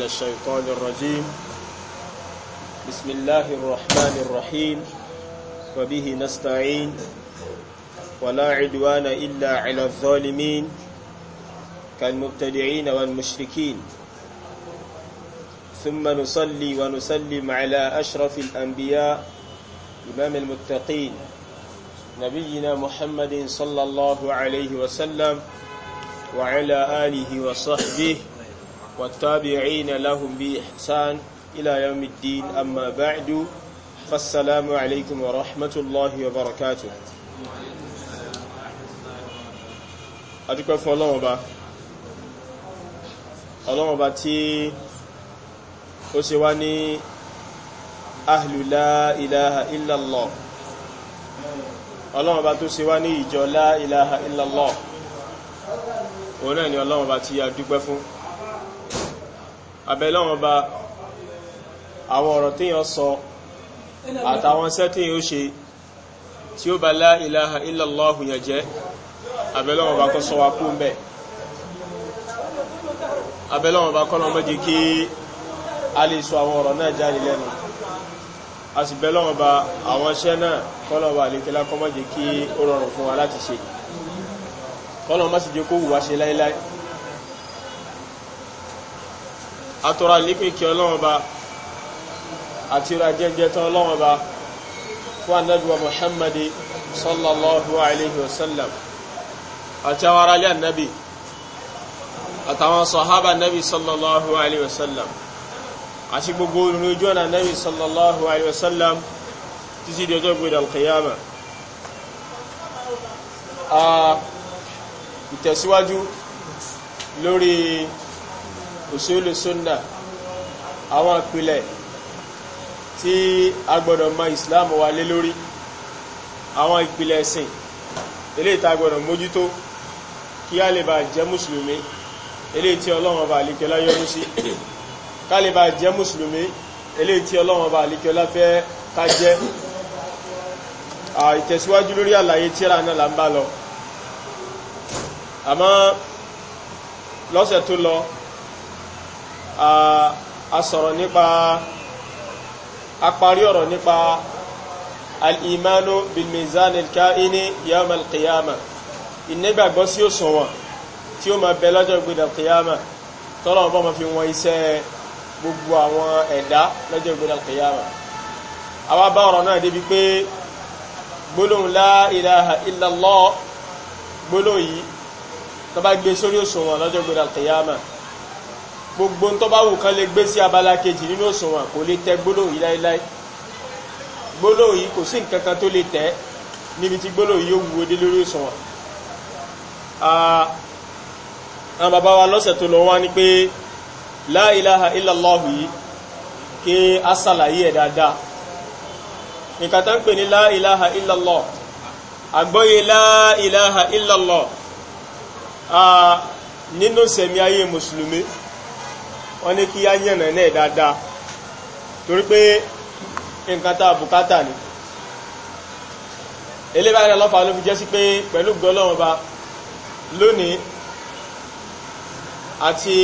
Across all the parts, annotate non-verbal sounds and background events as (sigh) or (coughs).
من الشيطان الرجيم بسم الله الرحمن الرحيم وبه نستعين ولا عدوان إلا على الظالمين كالمبتدعين والمشركين ثم نصلي ونسلم على أشرف الأنبياء إمام المتقين نبينا محمد صلى الله عليه وسلم وعلى آله وصحبه والتابعين لهم بإحسان إلى يوم الدين أما بعد فالسلام عليكم ورحمة الله وبركاته أدوكم فún Ọlọ́run Ọba Ọlọ́run Ọba tí ó ṣe wá ní ahlu la ilaha illallah Ọlọ́run Ọba tó ṣe wá ní ìjọ la ilaha illallah òun náà ni Ọlọ́run Ọba tí a dúpẹ́ fún abẹ́lọ́wọ́n bá àwọn ọ̀rọ̀ tí yàn sọ àtàwọn sẹ́tí yóò ṣe tí ó bá la ilaha illallah yẹn jẹ́ abẹ́lọ́wọ́n bá kọ́ sọ wa kú mẹ́ abẹ́lọ́wọ́n bá kọ́nà mọ́jì kí a lè sọ àwọn ọ̀rọ̀ náà jáde lẹ́nu a sì kó wù ṣe láíláí atọ́ra lékèké ọlọ́wọ́n ba àti ra jẹ́jẹ́ tán ọlọ́wọ́n ba fún anábíwa muhammadi sallallahu alayhi wa sallam àti àwọn aráalé anábì àtàwọn sọ̀hábà anábì sallallahu alayhi wa sallam àti gbogbo olùrìnjú ọ̀nà anábì sallallahu alayhi wa sallam títí di ọjọ́ gbèrè alkiyama ìtẹ̀síwájú lórí usulu sunna àwọn ìpìlẹ̀ tí a gbọ́dọ̀ mọ islam wa lé lórí àwọn ìpìlẹ̀ ẹ̀sìn eléyìí tá a gbọ́dọ̀ mójútó kí a lè bá jẹ́ mùsùlùmí eléyìí tí ọlọ́run ọba àlíkẹ́lá yọ́nú sí ká lè bá jẹ́ mùsùlùmí eléyìí tí ọlọ́run ọba àlíkẹ́lá fẹ́ ká jẹ́ ìtẹ̀síwájú lórí àlàyé tírà náà là ń bá lọ àmọ́ lọ́sẹ̀ tó lọ a sọ̀rọ̀ nípa apari ọ̀rọ̀ nípa al'imanu bilmizan alka'ini yawm alqiyama ìnígbàgbọ́ sí òṣùwọ̀n tí ó ma bẹ lọ́jọ́ ìgbèdà alqiyama tọ́lọ̀ ọba ma fi wọn iṣẹ́ gbogbo àwọn ẹ̀dá lọ́jọ́ ìgbèdà alqiyama a wá bá ọ̀rọ̀ náà débi pé gbólóhùn la gbogbo ń tó bá wù kán lè gbé sí abala kejì nínú òṣùwọ̀n kò lè tẹ gbólóhùn yìí láíláí gbólóhùn yìí kò sí nǹkan kan tó lè tẹ níbi tí gbólóhùn yìí ó wúwo dé lórí òṣùwọ̀n àwọn bàbá wa lọ́sẹ̀ tó lọ wá ní pé la ilaha illallah yìí kí a sàlàyé ẹ̀ dáadáa nǹkan tó pè ní la ilaha àgbọ́yé la ilaha nínú sẹ̀mí ayé mùsùlùmí wọ́n ní kí á yànnà náà dáadáa torí pé nǹkan tá bùkátà ni eléba ẹ̀rọ lọ́fà ló fi jẹ́ sí pé pẹ̀lú gbọ́lọ́wọ́n ba lónìí àti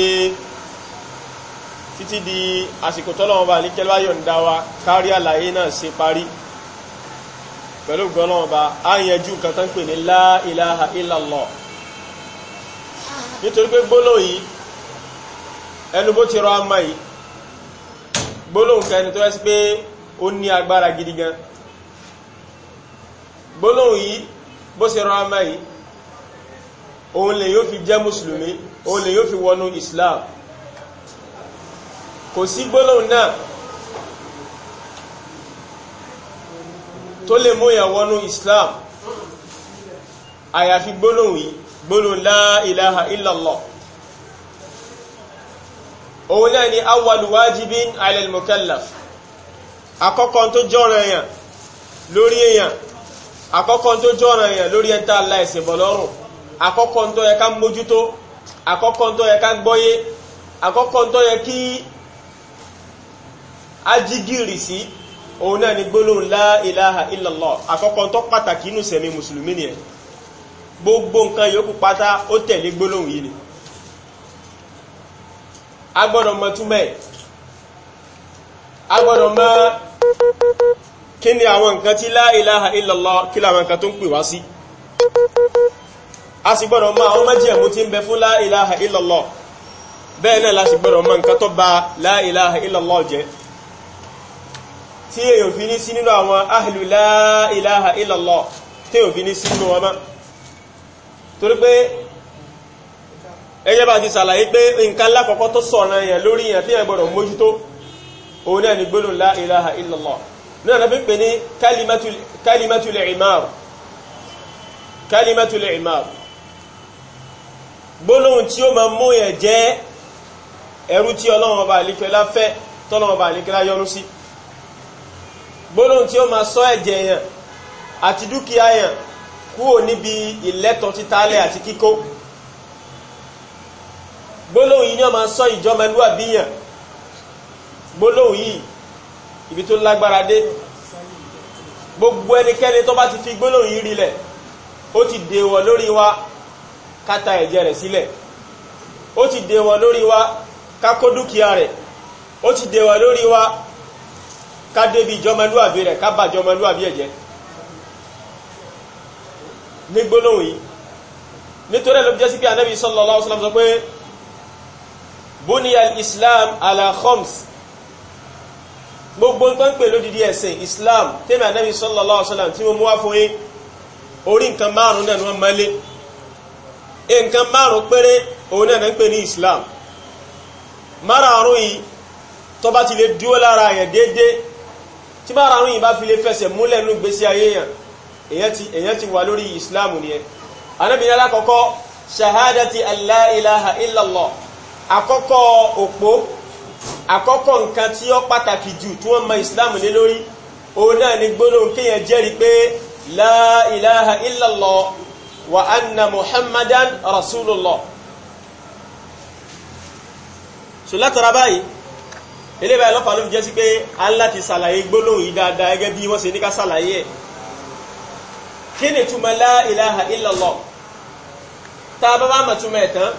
títí di àsìkò tọ́lọ́wọ́n ba níkẹ́lá yọ̀ǹda wa kárí àlàyé náà ṣe parí pẹ̀lú gbọ́lọ́wọ́n ba ilaha illallah nítorí pé gbólóhùn yìí ẹnu bó ti rọ àmà yìí gbólóhùn kẹni tó ẹ́sí pé ó ní agbára gidi gan gbólóhùn yìí bó ti rọ àmà yìí òun lè yóò fi jẹ́ mùsùlùmí òun lè yóò fi wọnú Islam kò sí gbólóhùn náà tó lè mú yà wọnú Islam àyàfi gbólóhùn yìí gbólóhùn la ilaha illallah òun náà ni awwalu wajibin ala al-mukallaf àkọ́kọ́ tó jọ́rọ̀ èèyàn lórí èèyàn àkọ́kọ́ tó jọ́rọ̀ èèyàn lórí ẹ̀ntà aláìsẹ̀ bọ̀lọ́rùn àkọ́kọ́ tó yẹ ká mójútó àkọ́kọ́ tó yẹ ká gbọ́yé tó yẹ la ilaha ilallah. tó pàtàkì inú gbogbo nǹkan yòókù pátá ó tẹ̀lé gbólóhùn yìí agbọ́dọ̀ mọ túmọ̀ ẹ̀ agbọ́dọ̀ mọ kí ni àwọn nǹkan tí la ilaha illallah kí làwọn nǹkan tó ń pè wá sí a sì gbọ́dọ̀ mọ àwọn májẹ̀mú tí ń bẹ fún la ilaha illallah bẹ́ẹ̀ náà la sì gbọ́dọ̀ mọ nǹkan tó bà la ilaha illallah torí pé ẹgẹ́ bá ti sàlàyé pé nǹkan lákọ̀ọ́kọ́ tó sọ̀rọ̀ yẹn lórí yẹn tí yẹn gbọ́dọ̀ mójútó òun náà ni gbólóhùn la ilaha illallah náà nàbí pè ní kalimatul imar kalimatul imar gbólóhùn tí ó máa mú yẹn jẹ́ ẹrú tí ọlọ́run ọba gbólóhùn yìí ni ọmọ sọ ìjọmọlúwàbí yàn gbólóhùn yìí ibi tó lágbára dé gbogbo ẹnikẹ́ni tó bá ti fi gbólóhùn yìí rilẹ̀ ó ti dèwọ̀ lórí wa ká ta ẹ̀jẹ̀ rẹ̀ sílẹ̀ ó ti dèwọ̀ lórí wa ká dúkìá rẹ̀ ó ti dèwọ̀ lórí wa ká débi ìjọmọlúwàbí rẹ̀ ká bà ìjọmọlúwàbí ẹ̀ ní gbólóhùn yìí nítorí ẹ̀ ló jẹ́ sí pé Ànábì sallallahu alaihi sọ pé bóníyà islam ala khams gbogbo tó ń pè lódìdí ẹ̀sìn islam tẹ́mi ànábì sallallahu alaihi wasallam tí mo mú wá fún yín orí nǹkan márùn-ún náà ni wọ́n mọ́lé nǹkan márùn-ún péré òun náà ń pè ní islam márùn-ún yìí tó bá ti lè dúó lára yẹn déédéé tí márùn-ún yìí bá fi lè fẹsẹ̀ múlẹ̀ nínú ìgbésí ayé àkọ́kọ́ òpó àkọ́kọ́ nǹkan tí ó pàtàkì jù tí wọ́n mọ islam lé lórí òun náà ni gbólóhùn kéèyàn jẹ́rìí pé la ilaha illallah wa anna muhammadan rasulullah so látara báyìí eléba ẹlọ́pàá ló fi jẹ́ sí pé a ń sàlàyé gbólóhùn yìí dáadáa gẹ́gẹ́ bí wọ́n ṣe ní ká sàlàyé ẹ̀ kí ni túmọ̀ la ilaha illallah bá mọ̀ túmọ̀ ẹ̀ tán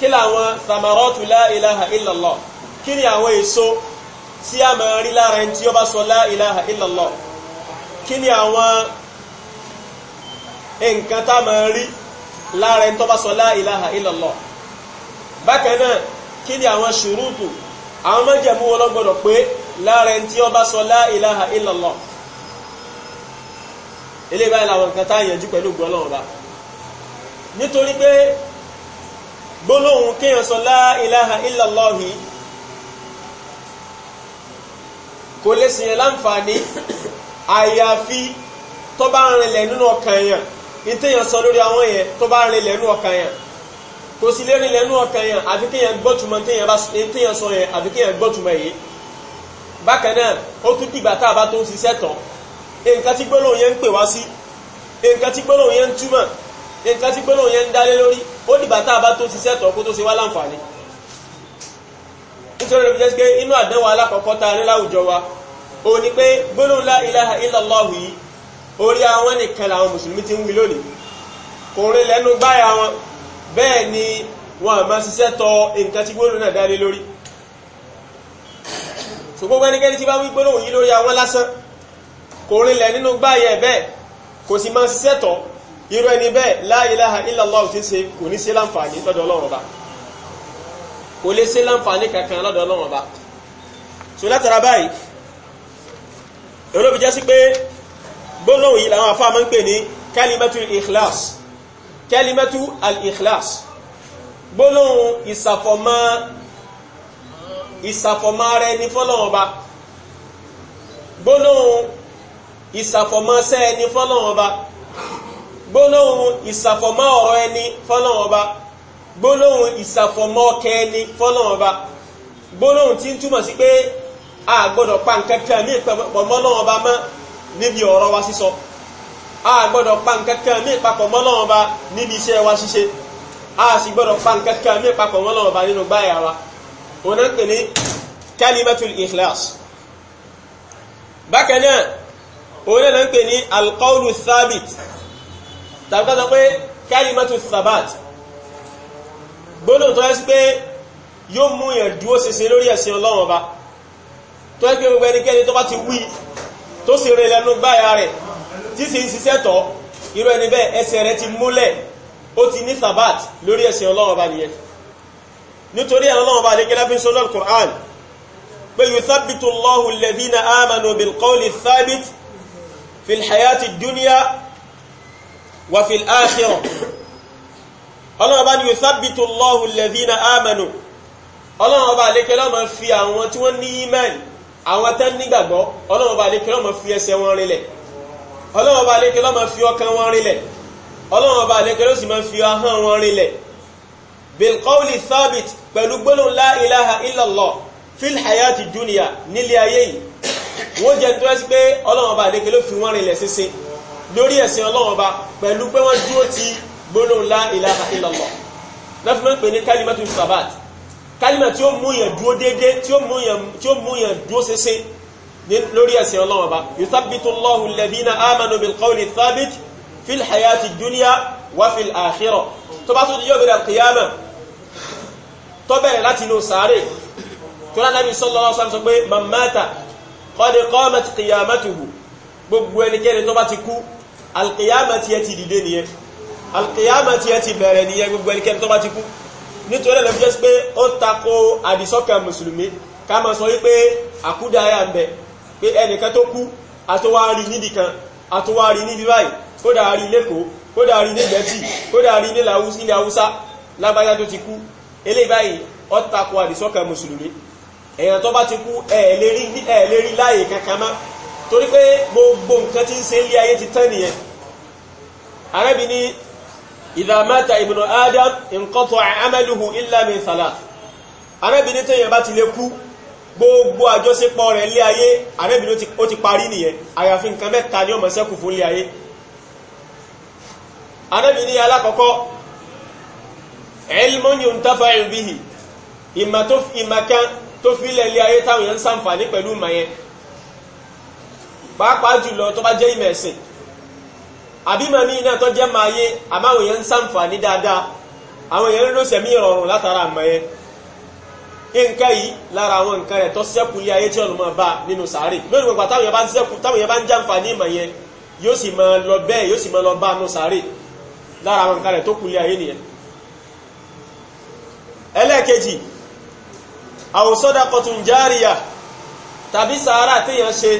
kí làwọn samaratu la ilaha illallah kí ni àwọn èso tí a máa rí lára ẹni tí ó bá sọ la ilaha illallah kí ni àwọn nǹkan tá máa rí lára ẹni tó bá sọ la ilaha illallah bákan náà kí ni àwọn ṣùrùtù àwọn mọ́jẹ̀mú ọlọ́gbọ̀dọ̀ pé lára ẹni tí ó bá sọ la ilaha ilé báyìí làwọn nǹkan tá yẹnjú pẹ̀lú gbọ́lọ́wọ́ nítorí pé gbólóhùn kéèyàn sọ la ilaha illallah kò lè sìyàn láǹfààní àyàfi tó bá rinlẹ̀ nínú ọkàn yẹn ìtẹ̀yàn sọ lórí àwọn yẹn tó bá rinlẹ̀ nínú ọkàn yẹn kò sí lè rinlẹ̀ nínú ọkàn yẹn àfi kéèyàn gbọ́tùmọ̀ ìtẹ̀yàn sọ yẹn àfi kéèyàn gbọ́tùmọ̀ yìí bákan ó tún dìgbà tá a bá tó ń ṣiṣẹ́ tán nǹkan tí gbólóhùn yẹn ń pè wá sí nǹkan tí gbólóhùn yẹn ń túmọ̀ nǹkan tí gbólóhùn yẹn ń dálé lórí ó dìgbà tá a bá tó ṣiṣẹ́ tọ̀ kó tó ṣe wá láǹfààní nítorí rẹ̀ fi jẹ́ pé inú àdánwò alákọ̀ọ́kọ́ ta ní láwùjọ wa ó ní pé gbólóhùn la ilaha illallah yìí orí àwọn nìkan làwọn mùsùlùmí ti ń wí lónìí kò rí lẹ́nu gbáyà wọn bẹ́ẹ̀ ni wọn àmá ṣiṣẹ́ tọ̀ nǹkan tí gbólóhùn náà dálé lórí ṣùgbọ́n ẹnikẹ́ni tí bá wí gbólóhùn yìí lórí àwọn lásán kò rí lẹ́ nínú irú ẹni bẹ́ẹ̀ la ilaha illallah ti ṣe kò ní ṣe láǹfààní lọ́dọ̀ ọlọ́run ọba kò lè ṣe láǹfààní kankan lọ́dọ̀ ọlọ́run ọba so látara báyìí olóbi jẹ́ sí pé gbólóhùn yìí làwọn afáàmọ́ ń pè ní kalimatu al-ikhlas kalimatu al-ikhlas gbólóhùn ìsàfọ̀mọ́ ìsàfọ̀mọ́ ara ẹni fọ́lọ́run ọba ìsàfọ̀mọ́ sẹ́ ẹni fọ́lọ́run gbólóhùn ìsàfọ̀mọ́ ọ̀rọ̀ ẹni fọ́lọ́wọ́n ọba gbólóhùn ìsàfọ̀mọ́ ọkẹ ẹni fọ́lọ́wọ́n ọba gbólóhùn tí ń túmọ̀ sí pé a gbọ́dọ̀ pa nǹkan kan ní ìpapọ̀ mọ́lọ́wọ́n ọba mọ́ níbi ọ̀rọ̀ wa sísọ a gbọ́dọ̀ pa nǹkan kan ní ìpapọ̀ mọ́lọ́wọ́n ọba níbi iṣẹ́ wa ṣíṣe a sì gbọ́dọ̀ pa nǹkan kan ní ìpapọ̀ mọ́lọ́wọ́n ọba nínú gbáyà wa òun náà ń pè ní kalimatul ikhlas bákan náà òun náà ń pè ní alqawlu thabit tàbí ká sọ pé kalimatu thabat gbólóhùn tó yẹ sí pé yóò mú yẹn dúó ṣinṣin lórí ẹ̀sìn ọlọ́run ọba tó yẹ pé gbogbo ẹnikẹ́ni tó bá ti wí tó sì rìn lẹ́nu gbáyà rẹ̀ tí sì ń ṣiṣẹ́ tọ́ irú ẹni bẹ́ẹ̀ ẹsẹ̀ rẹ̀ ti múlẹ̀ ó ti ní thabat lórí ẹ̀sìn ọlọ́run ọba nìyẹn wa fil akhirah ọlọ́run bá ní yuthabbitu Allahu alladhina amanu ọlọ́run bá lékẹ́ lọ́mọ fi àwọn tí wọ́n ní iman àwọn tán nígbàgbọ́ ọlọ́run bá lékẹ́ lọ́mọ fi ẹsẹ̀ wọn rinlẹ̀ ọlọ́run bá lékẹ́ lọ́mọ fi ọkàn wọn rinlẹ̀ ọlọ́run bá lékẹ́ ló sì máa fi ahọ́n wọn rinlẹ̀ bilqawli thabit pẹ̀lú gbólóhùn la ilaha illallah hayati dunya nílé ayé yìí wọ́n jẹ́ nítorí pé ọlọ́run bá lékẹ́ ló fi wọn rinlẹ̀ sísìn lórí ẹ̀sìn ọlọ́run ọba pẹ̀lú pé wọ́n dúró ti gbólóhùn la ilaha illallah náà fi máa ń pè ní kálímẹ́tù sabat kálímẹ̀ tí ó mú yẹn dúó déédéé tí ó mú yẹn dúó ṣeṣe lórí ẹ̀sìn ọlọ́run ọba yuthabbitu Allahu alladhina amanu bil qawli thabit fil hayati dunya wa fil akhirah tó bá tó di yóò bẹ̀rẹ̀ kìyàmà tó bẹ̀rẹ̀ gbogbo ẹnikẹ́ni tó bá ti kú Alkiyamati ti ẹ ti dìde nìyẹn alkiyama ti ẹ ti bẹ̀rẹ̀ nìyẹn gbogbo ẹnikẹ́ni tó bá ti kú nítorí ẹ̀lẹ́fi jẹ́ pé ó tako àdìsọ́kàn mùsùlùmí ká máa sọ wípé àkúdáyà ń bẹ pé ẹnìkan tó kú àtúwárí nídìí kan àtúwárí níbi báyìí kódà rí lẹ́kọ̀ọ́ kódà rí nígbẹ̀tì kódà rí nílẹ̀ haúsá lágbájá tó ti kú eléyìí báyìí ó tako àdìsọ́kàn mùsùlùmí èèyàn tó bá ti kú ẹ̀ẹ̀lérí láàyè kankan máa torí pé gbogbo nǹkan tí ń ṣe ilé ayé ti tán nìyẹn arábì ní idha mata ibnu adam inqata'a amaluhu illa min salat arábì ní tẹ́yìn bá ti lè kú gbogbo àjọṣepọ̀ rẹ̀ ilé ayé arábì ní ó ti parí nìyẹn àyàfi nǹkan mẹ́ta ni ó máa ṣẹ́kù fún ilé ayé arábì ní alákọ̀ọ́kọ́ ilmun pàápàá jùlọ tó bá jẹ́ ìmọ̀ ẹ̀sìn àbí màmí iná tó jẹ́ máa yé àmáwọn èèyàn ń sàǹfààní dáadáa àwọn èèyàn ń lò sẹ̀mí ìrọ̀rùn látara àmọ́ yẹn nǹkan yìí lára àwọn nǹkan rẹ̀ tó sẹ́kù ilé ayé tí ọ̀nà máa bá nínú sàárè lórí gbogbo táwọn yẹn bá ń sẹ́kù táwọn yẹn bá ń jàǹfààní ìmọ̀ yẹn yóò sì máa lọ bẹ́ẹ̀ yóò sì máa lọ bá nínú sàárè lára àwọn nǹkan rẹ̀ tó kù ilé ayé nìyẹn ẹlẹ́ẹ̀kejì àwòsọ́dà kọtùnjáríyà tàbí sàárà téèyàn ṣe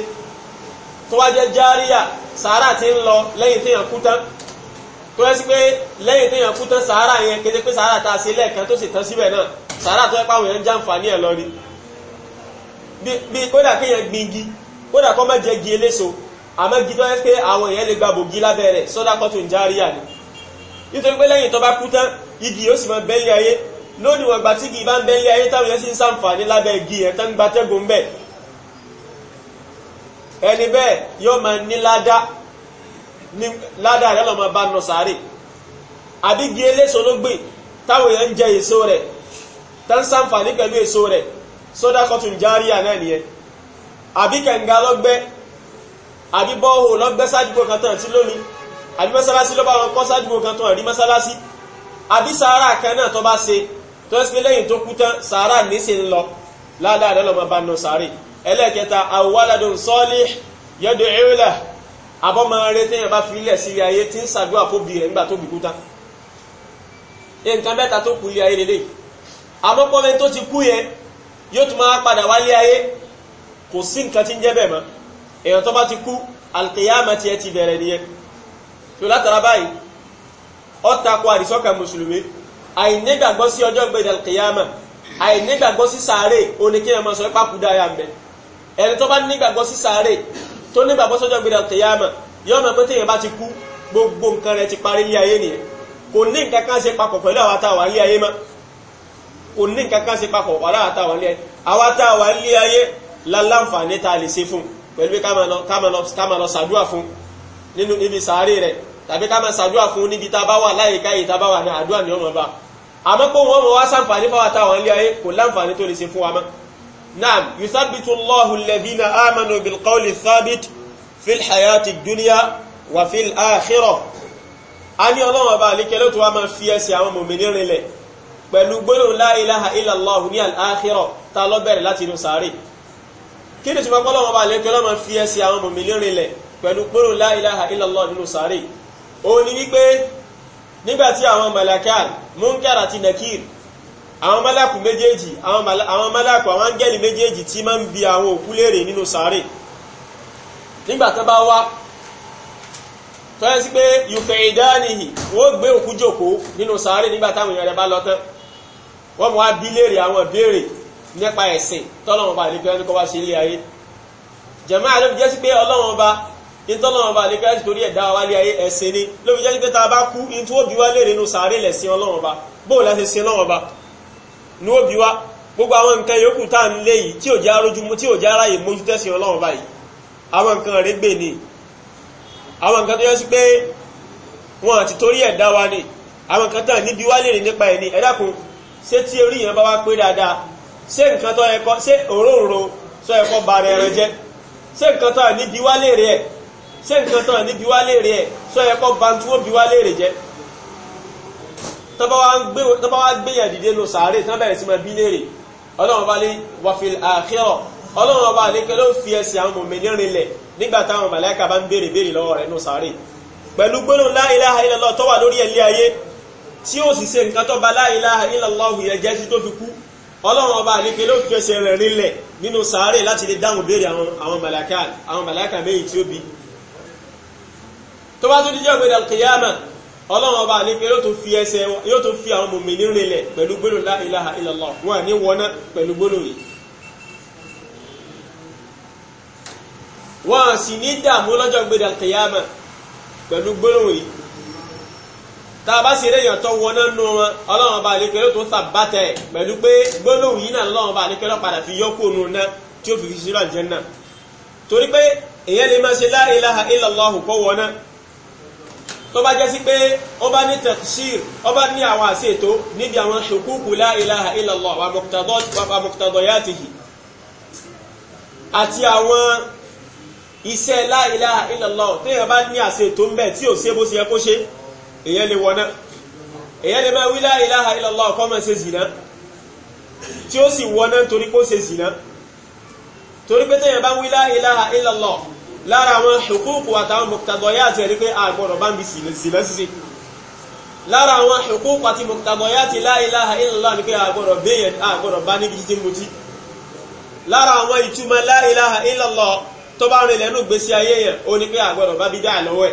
tó wá jẹ́ járíyà sàárà tí ń lọ lẹ́yìn téèyàn kú tán tó yẹ sí pé lẹ́yìn téèyàn kú tán sàárà yẹn kété pé sàárà tá a ṣe lẹ́ẹ̀kan tó sì tán síbẹ̀ náà sàárà tó yẹ pé àwọn èèyàn ń jàǹfààní ẹ̀ lọ ni bí kódà kéèyàn gbingi kódà kó má jẹ gi eléso àmọ́ gi tó yẹ pé àwọn èèyàn lè gba bògi lábẹ́ rẹ̀ sọ́dà kọ́tù járíyà ni nítorí pé lẹ́yìn tó bá kú tán igi yóò sì máa bẹ́yìn ayé lónìí wọn gbà tí igi bá ń bẹ́yìn ayé táwọn yẹn sì ń sàǹfààní lábẹ́ igi yẹn tán gbatẹ́gùn bẹ́ẹ̀ ẹni bẹ́ẹ̀ yóò máa ní ládá ní ládá rẹ̀ lọ́mọ bá nọ sáré àbígi eléso ló gbìn táwọn èèyàn ń jẹ èso rẹ̀ tó ń ṣàǹfààní pẹ̀lú èso rẹ̀ sódà kọ́tùn járíà náà nìyẹn àbí kànga lọ́gbẹ́ àbí bọ́ọ̀hù lọ́gbẹ́ sádùgbò kan tán tí lónìí àbí mọ́sálásí ló bá kọ́ sádùgbò kan tán rí mọ́sálásí àbí sàárà kan náà tó bá ṣe tó ń sin lẹ́yìn tó kú tán sàárà níṣe ń lọ ládàá lọ́lọ́mọ nọ sáré ẹlẹ́ẹ̀kẹta awaladun salih yad'u lahu abọ́mọ rẹ tẹ́yàn bá fi ilẹ̀ sílé ayé tí ń ṣàdúrà fóbi rẹ̀ nígbà tó bí kú tán nǹkan mẹ́ta tó kú ilé ayé lélẹ̀ tó kú yẹn ayé kò sí tó ti kú alkiyama tiẹ̀ ti sí ọjọ́ gbẹ̀dẹ̀ alkiyama àìnígbàgbọ́ sí sàárè oníkéèyàn máa sọ ń bẹ́ẹ̀ ẹni tó bá nígbàgbọ́ sí sáré tó nígbàgbọ́ sọ́jọ́ gbéra kìyàmà yóò mọ̀ pé téèyàn bá ti kú gbogbo nǹkan rẹ̀ ti parí ilé ayé nìyẹn kò ní nǹkan kan ṣe papọ̀ pẹ̀lú àwọn àtàwà ilé ayé mọ́ kò ní nǹkan kan ṣe papọ̀ pẹ̀lú àwọn àtàwà ilé ayé àwọn àtàwà ilé ayé láláǹfààní ta lè ṣe fún pẹ̀lú pé ká máa lọ ṣàdúrà fún nínú níbi sáré rẹ̀ tàbí ká máa ṣàdúrà fún níbi tá a bá wà láyìíká yìí tá a bá wà ní àdúrà ní ọmọ bá àmọ́ pé wọ́n mọ̀ wá ṣàǹfààní fáwọn àtàwà ilé ayé kò láǹfààní tó lè ṣe fún wa mọ́ نعم يثبت الله الذين آمنوا بالقول الثابت في الحياة الدنيا وفي الآخرة أني الله بالك لو تو ما في سي àwọn mu'minin rele pẹ̀lú gbólóhùn la ilaha illa allah ní al akhirah tá ló bẹ̀rẹ̀ láti inú sare kíni tí mo gbọ́ lọ́wọ́ balẹ̀ kí lọ́mọ fi ẹsẹ̀ àwọn mu'minin rele pẹ̀lú gbólóhùn la ilaha illa allah nínú sare ó ní wípé nígbàtí àwọn malakan munkar àti nakir àwọn málàkù méjèèjì àwọn málàkù àwọn áńgẹ́lì méjèèjì tí máa ń bi àwọn òkú léèrè nínú sàárè nígbà tán bá wá tọ́yẹ́ sí pé yùfẹ̀ ìdánihì wọ́n gbé òkú jòkó nínú sàárè nígbà táwọn èèyàn rẹ̀ bá lọ tán wọ́n mọ̀ wá bí léèrè àwọn béèrè nípa ẹ̀sìn tọ́lọ́wọ́n bá àlékẹ́ ẹni kọ́ wá sí ilé ayé jẹ̀mọ́ àlọ́ fi jẹ́ sí pé ọlọ́wọ́n bá ní tọ́lọ́wọ́n bá àlékẹ́ ẹni ní ó bí wá gbogbo àwọn nǹkan yòókù tá ń lé yìí tí ò já rójú tí ò já ráyè mójú tẹ́sìn ọlọ́run báyìí àwọn nǹkan rẹ̀ gbè ní àwọn nǹkan tó yẹ sí pé wọn àti torí ẹ̀dá wa ni àwọn nǹkan tán níbi wá lè rìn nípa ẹ̀ ní ẹ̀dákun ṣé tí orí yẹn bá wá pé dáadáa ṣé nǹkan tó ẹ̀kọ́ ṣé òróǹro sọ ẹ̀kọ́ ba ara tọ́ba wá gbéyàn dìde nù sàárè tí wọ́n bẹ̀rẹ̀ sí máa bí léèrè ọlọ́run bá lé wàfíl àkhírà ọlọ́run bá lé kẹlẹ́ ó fi ẹsẹ̀ àwọn mòmìnir rinlẹ̀ nígbà táwọn màláíkà bá ń béèrè béèrè lọ́wọ́ rẹ̀ nù sàárè pẹ̀lú gbólóhùn la ilaha illallah tó wà lórí ẹ̀lẹ́ ayé tí ó sì ṣe nǹkan tó ba la ilaha illallah yẹ jẹ́ sí tó fi kú ọlọ́run ọlọ́run ọba àlefẹ yóò tó fi ẹsẹ̀ yóò tó fi àwọn mòmìnì rinlẹ̀ pẹ̀lú gbólóhùn la ilaha illallah wọn ní wọná pẹ̀lú gbólóhùn yìí wọn sì ní dààmú lọ́jọ́ gbéra kìyàmà pẹ̀lú gbólóhùn yìí tá a bá sì rí èèyàn tó wọná nù wọn ọlọ́run ọba àlefẹ yóò tó sàbàtà ẹ̀ pẹ̀lú pé gbólóhùn yìí náà lọ́run ọba àlefẹ lọ́ padà fi yọ́kù náà tí ó fi fi sílọ̀ jẹ́ náà torí pé èèyàn lè máa ṣe la ilaha tó bá jẹ́ sí pé ó bá ní tafsir ó bá ní àwọn àṣètò níbi àwọn hukuku la ilaha illallah wa muqtadayatihi àti àwọn iṣẹ́ la ilaha illallah tó yẹ bá ní àṣètò ń bẹ̀ tí ò ṣe bó ṣe yẹ kó ṣe èyẹ́ lè wọ́ná èyẹ́ lè máa bá wí la lára àwọn hukuku àtàwọn mọ̀tàgọ́yà àti ẹ̀rí pé àgbọ̀rọ̀ bá ń bi sílẹ̀ síse lára àwọn hukuku àti mọ̀tàgọ́yà àti la ilaha illallah ni pé àgbọ̀rọ̀ béèyàn àgbọ̀rọ̀ bá níbi jíjẹ́ mutí lára àwọn ìtumọ̀ la ilaha illallah tó bá rìn lẹ́nu gbèsè ayé yẹn ó ní pé àgbọ̀rọ̀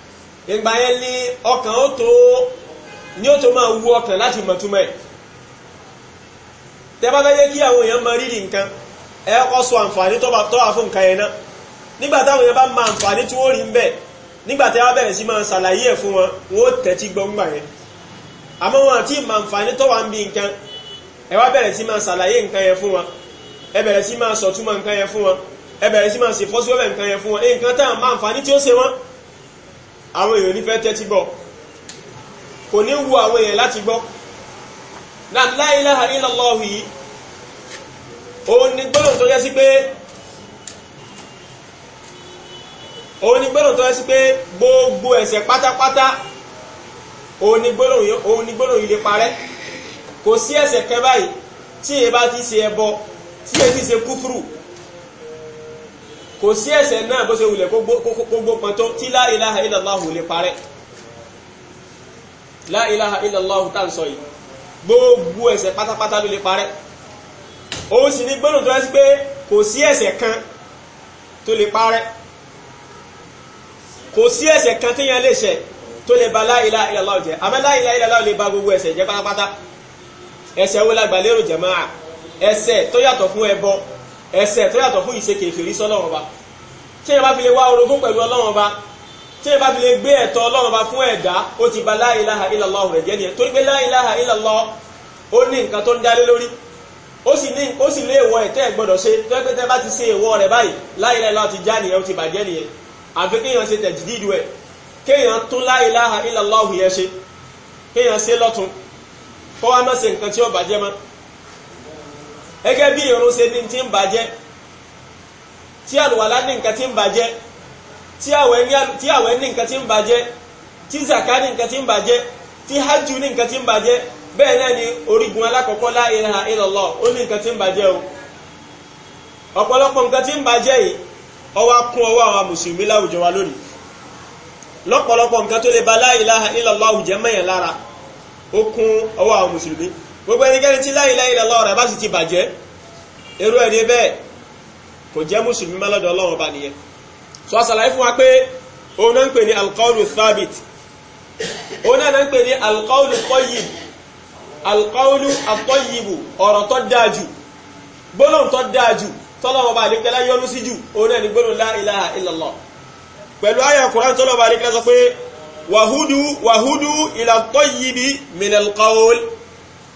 ìgbà yẹn ní ọkàn ó tó ní ó tó máa wú ọkàn láti ẹ̀ tẹ́ bá fẹ́ kí àwọn èèyàn rírì nǹkan ẹ kọ́ sọ àǹfààní tó wà fún bá ma àǹfààní tí wọ́n rí ń bẹ̀ nígbà tẹ́ wá bẹ̀rẹ̀ sí máa ṣàlàyé ẹ̀ fún wọn wọ́n gbọ́ngbà yẹn àmọ́ wọn àti ma àǹfààní tó wà ń bi nǹkan ẹ wá bẹ̀rẹ̀ sí máa ṣàlàyé nǹkan yẹn fún wọn ẹ bẹ̀rẹ̀ sí máa sọ̀túnmọ̀ nǹkan yẹn fún wọn ẹ ma àǹfààní tí ó ṣe wọn àwọn èèyàn ní fẹ́ tẹ́tí gbọ́ kò ní wu àwọn èèyàn láti gbọ́ na la ilaha illallah yìí òun ni gbọ́dọ̀ tó yẹ sí pé òun ni gbọ́dọ̀ tó yẹ sí pé gbogbo ẹ̀ṣẹ̀ pátápátá òun ni gbọ́dọ̀ yìí lè parẹ́ kò sí ẹ̀ṣẹ̀ kẹ́ báyìí tí èyí bá ti ṣe ẹbọ tí èyí ti ṣe kúfúrú kò sí ẹ̀ṣẹ̀ náà bó ṣe wulẹ̀ kógbó pọn tó tí la ilaha illallahu lè parẹ́ la ilaha illallahu tá ń sọ yìí gbogbo ẹ̀ṣẹ̀ pátápátá ló lè parẹ́ òun sì ní gbọ́nà tó rẹ́ sí pé kò sí ẹ̀ṣẹ̀ kan tó lè parẹ́ kò sí ẹ̀ṣẹ̀ kan téèyàn lè ṣẹ̀ tó lè ba la ilaha illallahu jẹ́ àmọ́ la ilaha illallahu lè ba gbogbo ẹ̀ṣẹ̀ jẹ́ pátápátá ẹ̀ṣẹ̀ wo la gbà lérò jàmáà ẹ̀ṣẹ̀ tó yàtọ̀ fún ẹbọ ẹ̀ṣẹ̀ tó yàtọ̀ fún ìṣe kèfèrí sọ́lọ́run ọba tí yẹn bá fi lè wá orogún pẹ̀lú ọlọ́run ọba tí yẹn bá fi lè gbé ẹ̀tọ́ ọlọ́run ọba fún ẹ̀dá ó ti ba la ilaha illallah rẹ̀ jẹ́ nìyẹn torí pé la ilaha illallah ó ní nǹkan tó ń dálé lórí ó sì ní ó sì lé ìwọ ẹ̀tẹ́ gbọ́dọ̀ ṣe tó yẹ pé tẹ́ bá ti ṣe ìwọ rẹ̀ báyìí la ilaha ti já gẹ́gẹ́ bí irun ṣe ní ti ń bàjẹ́ tí àlùwàlá ní nǹkan ti ń bàjẹ́ tí àwẹ̀ ní nǹkan ti ń bàjẹ́ tí zaka ní nǹkan ti ń bàjẹ́ tí hajj ní nǹkan ti ń bàjẹ́ bẹ́ẹ̀ náà ni orígun alákọ̀ọ́kọ́ la ó o ọ̀pọ̀lọpọ̀ nǹkan ti ń bàjẹ́ yìí ọwọ́ kún ọwọ́ àwọn mùsùlùmí láwùjọ wa lónìí lọ́pọ̀lọpọ̀ nǹkan tó lè ba la ilaha àwùjẹ́ lára gbogbo ẹnikẹ́ni tí la ilaha illallah rẹ̀ bá sì ti bàjẹ́ irú ẹni bẹ́ẹ̀ kò jẹ́ mùsùlùmí má lọ́dọ̀ Ọlọ́run ọba nìyẹn so asàlàyé fún wa pé òun náà ń pè ní alqawlu thabit òun náà ń pè ní alqawlu tayyib alqawlu atayyibu ọ̀rọ̀ tó dáa jù gbólóhùn tó dáa jù tọ́lọ́wọ́ bá àdékẹ́lá yọ́nú sí jù òun náà ni gbólóhùn la ilaha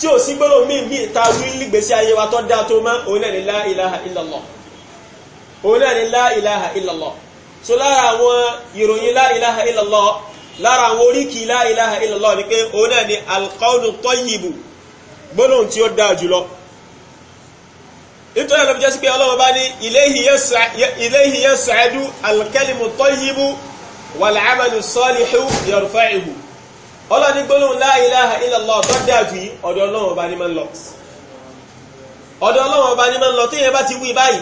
tí ò sí gbọ́dọ̀ míì míì ta wí nígbèsí ayé wa tó dáa tó mọ́ òun náà ni la ilaha illallah òun náà ni la ilaha illallah so lára àwọn ìròyìn la ilaha illallah lára àwọn oríkì la ilaha illallah ni pé òun náà ni alqawlu tayyibu gbọ́dọ̀ tí ó dáa jùlọ nítorí àlọ́ jẹ́ sí pé ọlọ́run bá ní ilayhi yas'adu alkalimu tayyibu wal amalu salihu ọlọ́ ní gbólóhùn la ilaha illallah tó dájú yìí ọ̀dọ̀ ọlọ́wọ̀n ọba ní máa ń lọ ọ̀dọ̀ ọlọ́wọ̀n ọba ní máa ń lọ tí yẹn bá ti wí báyìí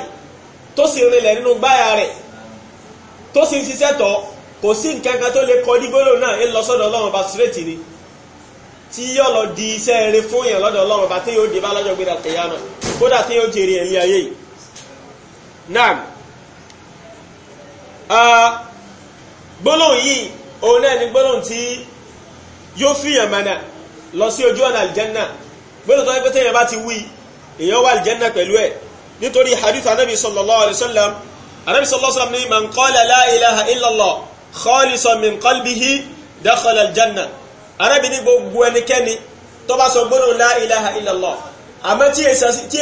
tó sì rinlẹ̀ nínú gbáyà rẹ̀ tó sì ń ṣiṣẹ́ tọ́ kò sí nǹkan kan tó lè kọ ní gbólóhùn náà ń lọ sọ́dọ̀ ọlọ́wọ̀n ọba straight ni tí yóò lọ di iṣẹ́ eré fún yẹn lọ́dọ̀ ọlọ́wọ̀n ọba tí yóò dé bá lọ́jọ́ gbé dàkẹ́yàmọ̀ kódà tí yóò jèrè ẹ̀lí ayé yìí naam ah, gbólóhùn yìí òun náà ni gbólóhùn tí yóò fìyàn mọ̀nà lọ sí ojú ọ̀nà àlìjẹ́nà gbọ́dọ̀ tó ẹgbẹ́ tẹ́yìn bá ti wí èèyàn wà àlìjẹ́nà pẹ̀lú ẹ̀ nítorí hadith anabi sallallahu alayhi wa sallam anabi sallallahu alayhi wa sallam ní man qala la ilaha illallah khalisan min qalbihi dakhala aljanna anabi ní gbogbo ẹnikẹ́ni tó bá sọ gbọ́dọ̀ la ilaha illallah àmọ́ tí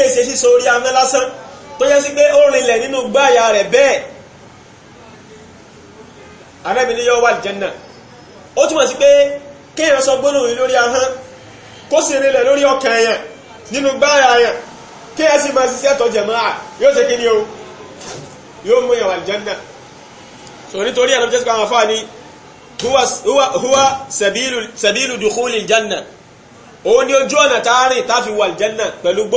èsì sí sórí amẹ́ lásán tó yẹ sí pé ó rinlẹ̀ nínú gbáyà rẹ̀ bẹ́ẹ̀ anabi ní yóò wà àlìjẹ́nà ó túmọ̀ sí pé kéèyàn sọ gbólóhùn yìí lórí ahọ́n kó sì rinlẹ̀ lórí ọkàn yẹn nínú gbáyà yẹn kéèyàn sì máa ṣiṣẹ́ tọ́jẹ̀ máa yóò ṣe kí ni o yóò mú yàn wà aljanna so nítorí ẹ̀ jẹ́ sọ́kàn àfáà ni ni ojú ọ̀nà táàrin táàfi wà aljanna pẹ̀lú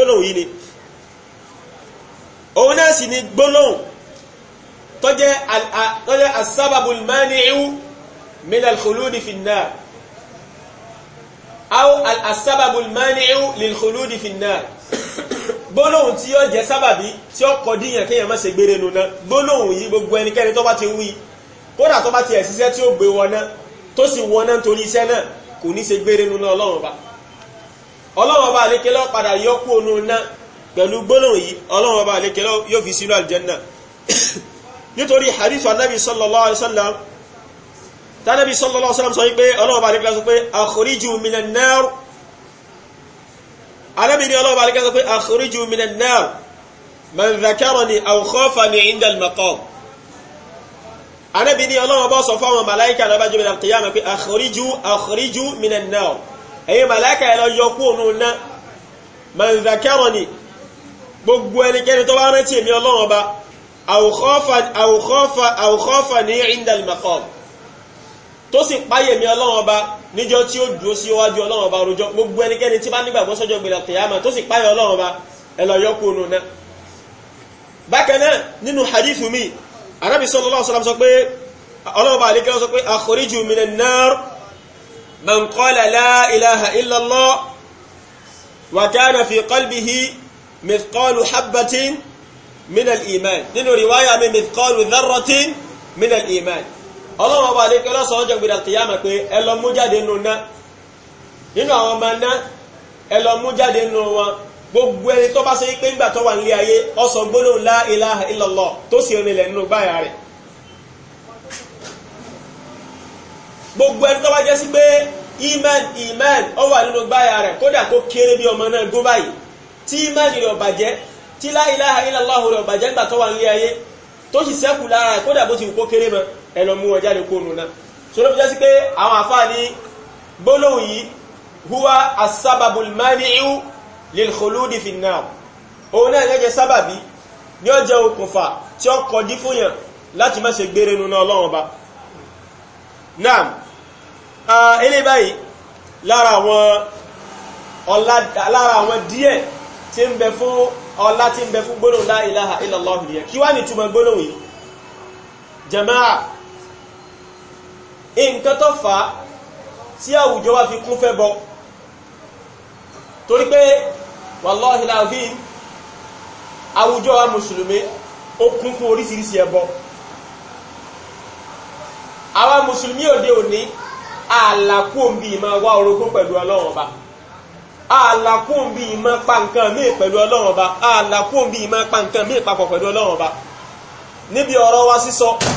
náà aw al-asababu al-mani'u lil-khuludi fi an-nar gbólóhùn tí yóò jẹ́ sábàbí tí ó kọ díyàn kéèyàn má ṣe gbére nu náà gbólóhùn yìí gbogbo ẹnikẹ́ni tó bá ti wí kódà tó bá ti ẹ̀síṣẹ́ tí ó gbé wọná tó sì wọná torí iṣẹ́ náà kò ní ṣe gbére nu náà ọlọ́run ọba ọlọ́run ọba àlékelọ́ padà yọkú onú náà pẹ̀lú gbólóhùn yìí ọlọ́run ọba àlékelọ́ yóò fi sínú àlùjánnà (coughs) nítorí hadith anabi sallallahu alayhi wa sallam tánàbí sallallahu alaihi wasallam sọ wípé ọlọ́ọ̀bà alẹ́kẹ́lá sọ pé akhriju minan nar alábìnrin ọlọ́ọ̀bà alẹ́kẹ́lá sọ pé akhriju minan nar man dhakarani aw khafani inda al-maqam anábìnrin ọlọ́wọ́ bọ́ sọ fáwọn màláíkà lọ́bájú min al-qiyamah pé akhriju akhriju minan nar ẹ̀yẹ màláíkà ẹ̀lọ yọ kú òun náà man dhakarani gbogbo ẹnikẹ́ni tó bá rántí èmi ọlọ́wọ́ bá aw tó sì páyè mi ọlọ́run ọba níjọ́ tí ó dúró sí iwájú ọlọ́run ọba rojọ́ gbogbo ẹnikẹ́ni tí bá nígbàgbọ́ sọ́jọ́ gbèrè kìyàmà tó sì páyè ọlọ́run ọba ẹ lọ yọ kúrò náà. bákan náà nínú hadith mi arábì sallallahu alaihi wasallam sọ pé ọlọ́run ọba àlekẹ́ sọ pé akhriju minan nar man qala la ilaha illallah wa kana fi qalbihi min al-iman nínú riwaya mi mithqalu dharratin min al-iman ọlọ́run ọba àlékẹ́ lọ́sàn ọjọ́ gbèrè àkìyàmà pé ẹ lọ mú jáde nù ná nínú àwọn ọmọ ná ẹ lọ mú jáde nù wọn gbogbo ẹni tó bá ṣe pé ńgbà tó wà nílé ayé ọsọ gbólóhùn la ilaha illallah tó sì rìnlẹ̀ nínú gbáyà rẹ̀ gbogbo ẹni tó bá jẹ́ sí pé iman iman ó wà nínú gbáyà rẹ̀ kódà kó kéré bí ọmọ náà gó báyìí tí iman rẹ̀ ọ̀bàjẹ́ tí la illallah rẹ̀ ọ̀bàjẹ́ ńgbà tó wà nílé ayé tó sì sẹ́kù lára ẹ lọ mú wọn jáde kóònù náà so ló fi jẹ́ sí pé àwọn àfáà ní gbólóhùn yìí huwa asababul mani'u lil khuludi fin nar òun náà yẹ́ jẹ́ sábàbí ní ó jẹ́ okùnfà tí ó kọjí fún yàn láti má ṣe gbére nínú ọlọ́run ba naam ilé báyìí lára ọlá lára ń bẹ fún ọlá tí ń kí wá ní túmọ̀ gbólóhùn yìí jama'a nǹkan tó fà á tí àwùjọ wa fi kún fẹ́ bọ torí pé wàláhì láàrin àwùjọ wa mùsùlùmí ó kún fún oríṣiríṣi ẹbọ àwa mùsùlùmí òde òní àlàkùnbí ma wá orogún pẹ̀lú ọlọ́run ọba àlàkùnbí ma pa nǹkan míì pẹ̀lú ọlọ́run ọba àlàkùnbí ma pa nǹkan míì papọ̀ pẹ̀lú ọlọ́run ọba níbi ọ̀rọ̀ wa sísọ. So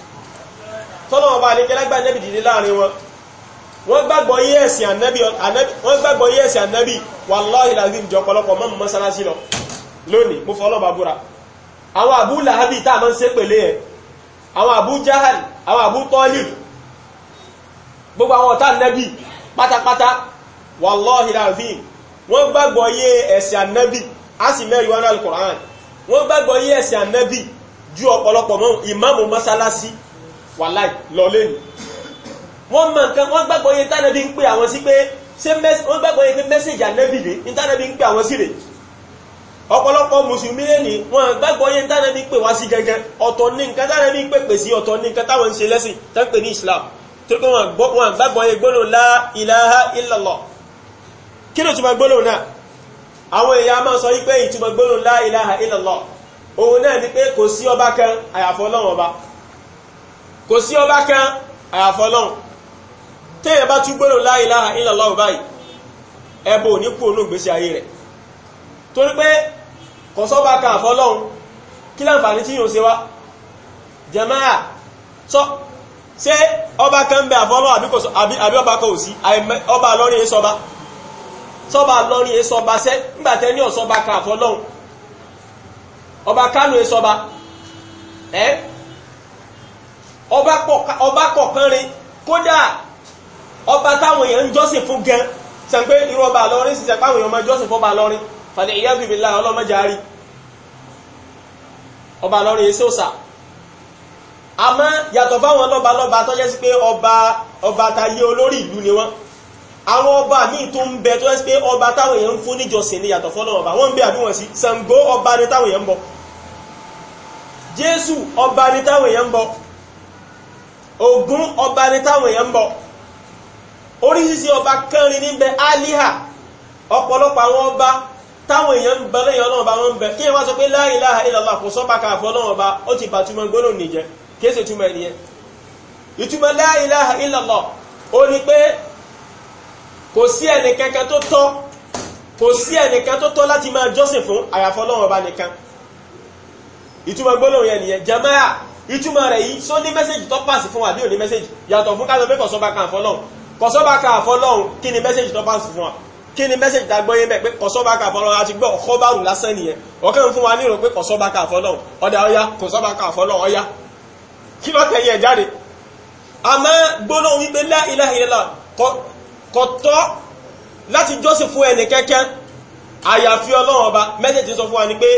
tọ́lọ́wọ́ bá alẹ́kẹ́ lágbà nẹ́bì dìde láàrin wọn wọ́n gbàgbọ́ yé ẹ̀sìn ànẹ́bì wàláhì làzim jọ pọ̀lọpọ̀ mọ́ mọ́sálásí lọ lónìí mú fọ́lọ́ bàbúra àwọn àbú làhábì tá a mọ́ ṣe pèlé ẹ̀ àwọn àbú jahal àwọn àbú tọ́lì gbogbo àwọn ọ̀tá ànẹ́bì pátápátá wàláhì làzim wọ́n gbàgbọ́ mọ́ ìmáàmù wàláì lọlé ni wọ́n mọ nǹkan wọ́n gbàgbọ́ yẹn tánàbí ń pè àwọn sí pé ṣé wọ́n gbàgbọ́ yẹn pé mẹ́sẹ̀jì ànẹ́bì rè ní tánàbí ń pè àwọn sí rè ọ̀pọ̀lọpọ̀ mùsùlùmí lẹ́ni wọ́n gbàgbọ́ yẹn tánàbí pè wá sí gẹ́gẹ́ ọ̀tọ̀ ní nǹkan tánàbí pè pè sí ọ̀tọ̀ ní nǹkan táwọn ń ṣe lẹ́sìn tán pè ní Islam tó pé wọ́n gbàgbọ́ yẹn gbólóhùn la ilaha illallah kí ló túmọ̀ gbólóhùn náà àwọn èèyàn máa sọ wípé ìtumọ̀ gbólóhùn la ilaha illallah òun náà ni pé kò sí ọba kan àyàfọ́ Ọlọ́run ọba kò sí ọba kan àyàfọ́lọ́n téèyàn bá tún gbọ́dọ̀ la ilaha illallah báyìí ẹbọ ò ní kú ònú ìgbésí ayé rẹ̀ torí pé kò sọ́ba kan àfọ́lọ́n kí láǹfààní tí yóò ṣe wá jàmáà sọ ṣé ọba kan bẹ àfọ́lọ́n àbí ọba kan ò sí ọba lọ́rin èso ọba sọba lọ́rin èso ọba sẹ́ ńgbàtẹ́ ní ọ̀sọ́ba kan àfọ́lọ́n ọba kánú èso ọba ẹ́ ọba kọ̀ọ̀kan rin kódà ọba táwọn èèyàn ń jọ́sìn fún gan sàn pé irú ọba àlọ́rin sì sẹ́pá àwọn èèyàn máa jọ́sìn fún ọba àlọ́rin fàlẹ̀ ìyá bìbí láà ọlọ́mọjà rí ọba àlọ́rin yìí sóòsà àmọ́ yàtọ̀ fáwọn lọ́ba lọ́ba tó jẹ́ sí pé ọba ọba tayé olórí ìlú ni wọ́n àwọn ọba míì tó ń bẹ tó jẹ́ sí pé ọba táwọn èèyàn ń fún ni yàtọ̀ fọ́nà ọba wọ́n ń bẹ àbí wọ́n sí Ṣàngó ọba ni táwọn èèyàn ń Ogun ọba ni táwọn èèyàn ń bọ̀ oríṣiríṣi ọba kẹrin níbẹ̀ aliha ọ̀pọ̀lọpọ̀ àwọn ọba táwọn èèyàn ń bẹ lẹ́yìn ọlọ́run ọba wọn ń bẹ kí ẹ wá sọ pé la ilaha illallah kò sọ́ba káàfọ́ ọlọ́run ó ti bàtúmọ̀ gbọ́dọ̀ nìjẹ kí túmọ̀ ẹ̀ ìtumọ̀ la ilaha illallah ó ní pé kò sí ẹnìkankan tó tọ́ kò sí ẹnìkan tó tọ́ láti máa jọ́sìn fún àyàfọ́ ọlọ́run ọba nìkan ìtumọ̀ gbọ́dọ̀ yẹn nìyẹn jama'a ìtumọ̀ rẹ̀ yìí só ní mẹ́sẹ̀jì tó pàṣẹ fún wa bí ò ní mẹ́sẹ̀jì yàtọ̀ fún kálọ̀ pé kọ̀sọ́ba kan àfọlọ́hun kọ̀sọ́ba kan àfọlọ́hun kí ni mẹ́sẹ̀jì tó pàṣẹ fún wa kí ni mẹ́sẹ̀jì tá gbọ́yé mẹ́ pé kọ̀sọ́ba kan àfọlọ́hun àti gbọ́ ọ̀kọ́bárù lásán nìyẹn ọ̀kẹ́ fún wa nírò pé kọ̀sọ́ba kan àfọlọ́hun ọ̀dà ọ̀yá kọ̀sọ́ba kan àfọlọ́hun ọ̀yá kí lọ́kẹ́ yẹ jáde àmọ́ gbólóhùn wípé lá ilaha illallah kò tọ́ láti jọ́sìn fún ẹnì kẹ́kẹ́ àyàfi ọlọ́run ọba mẹ́sẹ̀jì sọ fún wa ni pé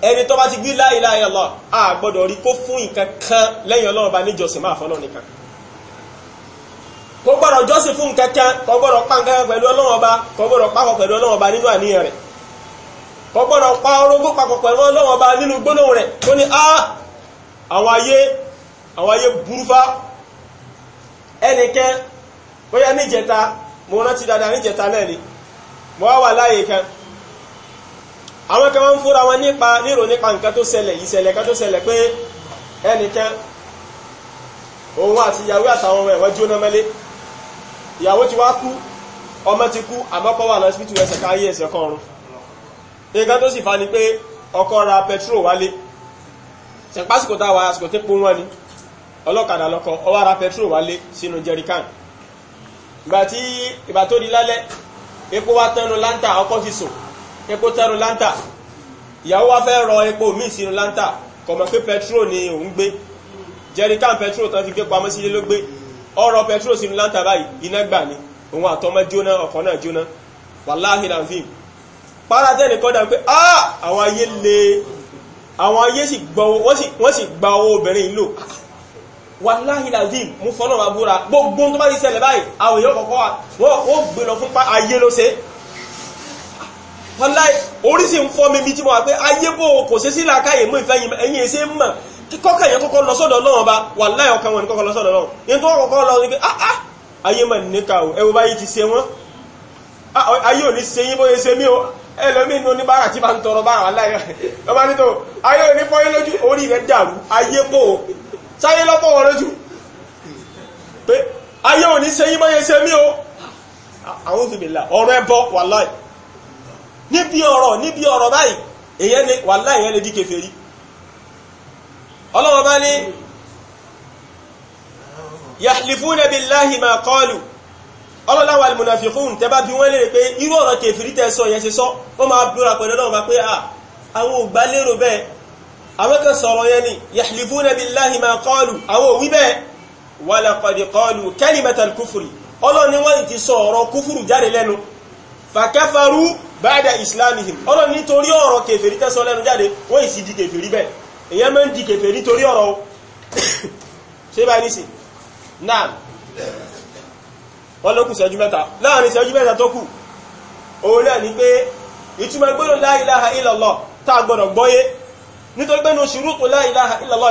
ẹni tó bá ti gbí la a gbọ́dọ̀ rí kó fún nǹkan kan lẹ́yìn ọlọ́run bá níjọsìn máa fọ́lọ́ nìkan kò gbọ́dọ̀ fún nǹkan kan kò gbọ́dọ̀ pa nǹkan kan pẹ̀lú ọlọ́run ọba kò gbọ́dọ̀ pẹ̀lú ọlọ́run ọba nínú àníyàn rẹ̀ kò gbọ́dọ̀ pa papọ̀ pẹ̀lú ọlọ́run ọba nínú rẹ̀ a ah, àwọn ayé àwọn ayé burúfá ẹnìkan bóyá níjẹta mo rántí dáadáa níjẹta náà ni mo wá wà àwọn kan wọ́n ń fúnra wọn nípa nírò nípa nǹkan tó ṣẹlẹ̀ ìṣẹ̀lẹ̀ kan tó ṣẹlẹ̀ pé ẹnìkan òun àti ìyàwó àtàwọn ọmọ ẹ̀wọ́n jóná mẹ́lé ìyàwó ti wá kú ọmọ ti kú àbọ́kọ́ wà lọ́sípítù ẹsẹ̀ káyé ẹsẹ̀ kọrùn nǹkan tó sì fa ni pé ọkọ ra petro wálé ṣẹ̀pásìkò táwa àsìkò tí pò wọ́n ni ọlọ́kadà lọ́kọ ó ra petro wálé sínú jerican ìgbà tí ìgbà tó di lálẹ́ epo wá tánu láńtà ọkọ̀ ti sùn epo tẹnu láńtà ìyàwó wa fẹ́ rọ epo míì sínú láńtà kò pé petrol ni òun gbé jẹrìkan petrol tán ti gbé pamọ́ sílé ló gbé ọ̀rọ̀ petrol sínú láńtà báyìí iná gbà ni òun àtọmọ jóná ọkọ̀ náà jóná wàláhì làǹfìm para tẹ́nì kọ́dà pé ah àwọn ayé le àwọn ayé sì gbọ́ wọ́n sì gba owó obìnrin ìlò wàláhì làǹfìm mú fọ́nà wà búra gbogbo tó bá ti ṣẹlẹ̀ báyìí àwọn èèyàn wọ́n gbé lọ fún ayé ló ṣe wàláì orí sì ń fọ́ mi bí tí mo wà pé ayé bò kò ṣe sí làákàyè mú ìfẹ́ ẹ̀yìn ẹ̀ṣẹ́ mọ̀ kíkọ́kà yẹn kọ́kọ́ lọ sọ́dọ̀ Ọlọ́run bá wàláì ọkàn wọn kọ́kọ́ lọ sọ́dọ̀ Ọlọ́run yẹn tó kọ́kọ́ lọ rí pé áá ah, ah, ayé mọ̀ níka o ẹwọ báyìí ti ṣe wọ́n ah, ayé ò ní ṣe yín bóyá ṣe mí o ẹlòmíì ní oníbàárà tí máa ń tọrọ bára wàláì ọba nítò ayé ò ní fọ́ yín lójú orí rẹ̀ dàrú ayé bò sáyé lọ́pọ̀ wọn lójú pé ayé ò ní ṣe yín bóyá ṣe mí o àwọn òfin bìlà ọ̀rọ̀ ẹbọ wàláì níbi ọ̀rọ̀ níbi ọ̀rọ̀ báyìí èyàn lè wàláhì èyàn lè di kèfèrí ọlọ́wọ́ bá ní yahlifuna billahi ma qalu ọlọ́láwà almunafiqun tẹ́ bá bí wọ́n lè pé irú ọ̀rọ̀ kèfèrí tẹ́ sọ yẹn ṣe sọ ó máa dúra pẹ̀lú ọlọ́wọ́ bá pé à àwọn ògbà lérò bẹ́ẹ̀ àwọn kan sọ̀rọ̀ yẹn ni yahlifuna billahi ma qalu àwọn òwí bẹ́ẹ̀ walaqad qalu kalimatal kufri ọlọ́ni wọ́n ti sọ ọ̀rọ̀ kúfùrù jáde lẹ́nu fakafaru báyàdà islamihim ọlọ́run nítorí ọ̀rọ̀ kèfèrí tẹ́sọ lẹ́nu jáde wọ́n ìsì di kèfèrí bẹ́ẹ̀ èyàn mẹ́ ń di kèfèrí nítorí ọ̀rọ̀ o (coughs) ṣe báyìí nìsìn náà wọ́n lókùn ṣẹ́jú mẹ́ta láàrin ṣẹ́jú mẹ́ta tó kù òun náà ni pé ìtumọ̀ gbọ́dọ̀ la ilaha illallah tá a gbọ́dọ̀ gbọ́yé nítorí pé ṣùrùtù la ilaha illallah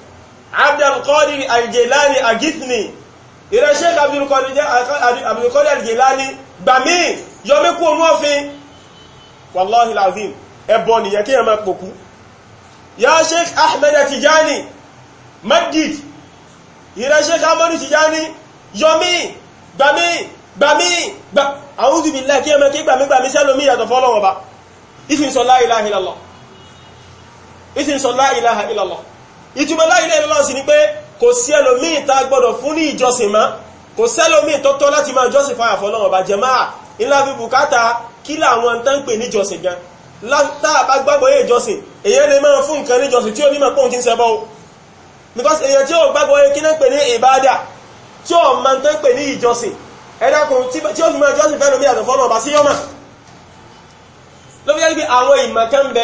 abdulkadir aljelani agithni ìrẹ́ sheik abdulkadir aljelani gbàmí yọmí kú òun òfin wallahi lazim ẹbọ nìyẹn kí ẹ máa pòkú ya sheik ahmed tijani majid ìrẹ́ sheik ahmed tijani yọmí gbàmí gbàmí gbàmí a'udhu billahi kí ẹ máa kí gbàmí gbàmí sẹ́lómí yàtọ̀ fọ́lọ́wọ́ ba ìsìn sọ la ilaha ìtumọ̀ la ilaha illallah sí ni pé kò sí ẹlòmíì tá a gbọ́dọ̀ fún ní ìjọsìn mọ́ kò sẹ́lòmíì tó tọ́ láti máa jọ́sìn fáyà fọ́lọ́wọ̀n bá jẹ máa ńlá fi bùkátà kí làwọn tán pè níjọsìn gan látà bá gbàgbọ́ yé ìjọsìn èyàn lè máa fún nǹkan níjọsìn tí ó nímọ̀ pọ́n kí ń ṣẹbọ because èyàn tí ó gbàgbọ́ yé kí náà pè ní ìbádà tí ó máa tán pè ní ìjọsìn ẹ̀dàkùn tí ó fi máa jọ́sìn fẹ́ lómi àtọ̀fọ́lọ́wọ̀n bá sí yọ́mà ló fi jẹ́ pé àwọn ìmọ̀ kan bẹ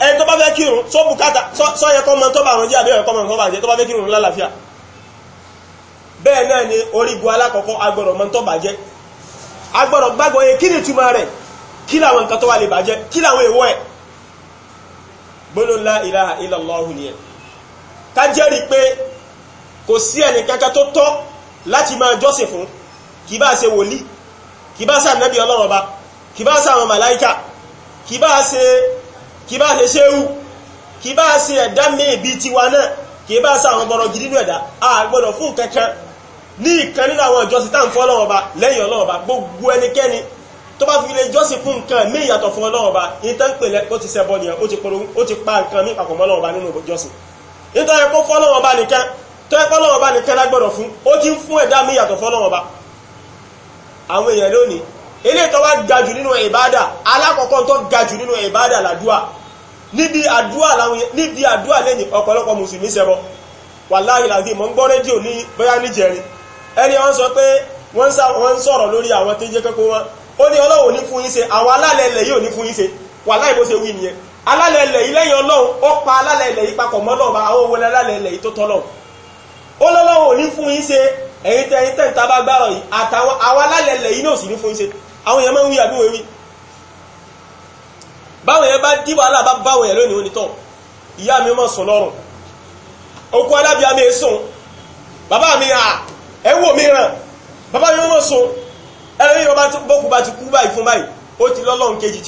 ẹni tó bá fẹ́ kírun sọ bùkátà sọ yẹ kọ́mọ tó bá àwọn jẹ́ àbẹ́yẹ kọ́mọ tó bá jẹ́ tó bá fẹ́ kírun lálàáfíà bẹ́ẹ̀ náà ni orígun alákọ̀ọ́kọ́ agbọ̀rọ̀ mọ́ tó bàjẹ́ agbọ̀rọ̀ gbàgbọ́ yẹ kí ni túmọ̀ rẹ̀ kí làwọn nǹkan tó wà lè bàjẹ́ kí làwọn èèwọ̀ ẹ̀ gbólóńlá ilaha illallahu ni ẹ̀ ká jẹ́rìí pé kò sí ẹni kankan tó tọ́ láti máa jọ́sìn fún kì bá ṣe wòlíì kì bá ṣe ànábì ọlọ́run ọba kì bá ṣe àwọn màláìkà kì bá kì bá ṣe ṣéwù kì bá ṣe ẹ̀dá míì bíi tiwa náà kì bá ṣe àwọn bọ̀rọ̀ gidi nínú ẹ̀dá a gbọ́dọ̀ fún kankan ní ìkan nínú àwọn ìjọsìn tá à ń fọ́ Ọlọ́run Ọba lẹ́yìn Ọlọ́run Ọba gbogbo ẹnikẹ́ni tó bá fi lè jọ́sìn fún nǹkan mí ìyàtọ̀ fún Ọlọ́run Ọba ìtàn pèlẹ́ ó ti ṣẹbọ nìyẹn ó ti pa nǹkan mí papọ̀ mọ́ Ọlọ́run Ọba nínú ìjọsìn nítorí pé fọ́lọ́run Ọba nìkan tó ẹ̀kọ́ lọ́wọ́ bá nìkan lágbọ́dọ̀ fún ó ti ń fún ẹ̀dá mí ìyàtọ̀ fọ́lọ́run Ọba àwọn èèyàn lónìí eléyìí tó wá gajù nínú ìbádà alákọ̀ọ́kọ́ tó gajù nínú ìbádà làdúà níbi àdúà làwọn níbi àdúà lẹ́yìn ọ̀pọ̀lọpọ̀ mùsùlùmí ṣẹbọ wàláhì làdí mọ́ ń gbọ́ rédíò ní bóyá níjẹrin ẹni wọ́n sọ pé wọ́n ń sọ̀rọ̀ lórí àwọn tó jẹ́ kẹ́kọ́ wọn ó ní ọlọ́run ní fún yín ṣe àwọn alálẹ̀ ilẹ̀ yóò ní fún yín ṣe wàláhì bó ṣe wí nìyẹn alálẹ̀ ilẹ̀ yìí lẹ́yìn ọlọ́run ó pa alálẹ̀ ilẹ̀ yìí papọ̀ mọ́ lọ́ọ̀bá àwọn owó alálẹ̀ ilẹ̀ yìí tó tọ́lọ̀ ó lọ́lọ́run ní fún yín ṣe tẹ́yìn tẹ́ǹtà bá gbárọ̀ yìí àtàwọn àwọn yìí náà sì ní fún yín àwọn èèyàn máa ń wí àbí wọ́n wí báwọn èèyàn bá dí wàhálà bá báwọn èèyàn lónìí onítọ̀ ìyá mi mọ̀ sùn lọ́rùn okú bàbá mi à ẹ̀wò mi bàbá mi mọ̀ sùn ẹ̀rọ ọ bá bọ́kù ti kú báyìí fún báyìí ó ti lọ́lọ́run kejì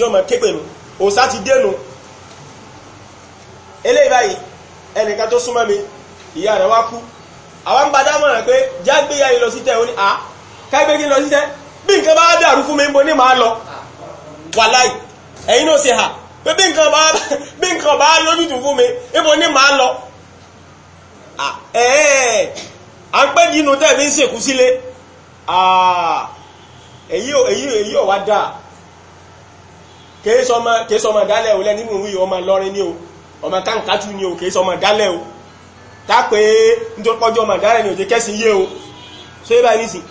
lọ sí tẹ́ bí nǹkan bá dàrú fún mi ń bo ní màá lọ wàláì ẹ̀yin náà ṣe hà pé bí nǹkan bá (laughs) bí nǹkan bá lójútù fún mi ibo ní màá lọ ẹ̀ẹ́ à ń pẹ́ dínú tẹ́ẹ̀fí ń ṣèkú sílé èyí èyí èyí ò wá dáa kìí sọmọ kìí sọmọ dálẹ̀ ò nínú ìwọ̀n ọmọ lọ́rin ní o ọmọ káńkátù ní o kìí sọmọ dálẹ̀ o tá pé nítorí pọ́jọ́ ọmọ dálẹ̀ ní òjé kẹ́sì yé o so yé báyìí nísìnyí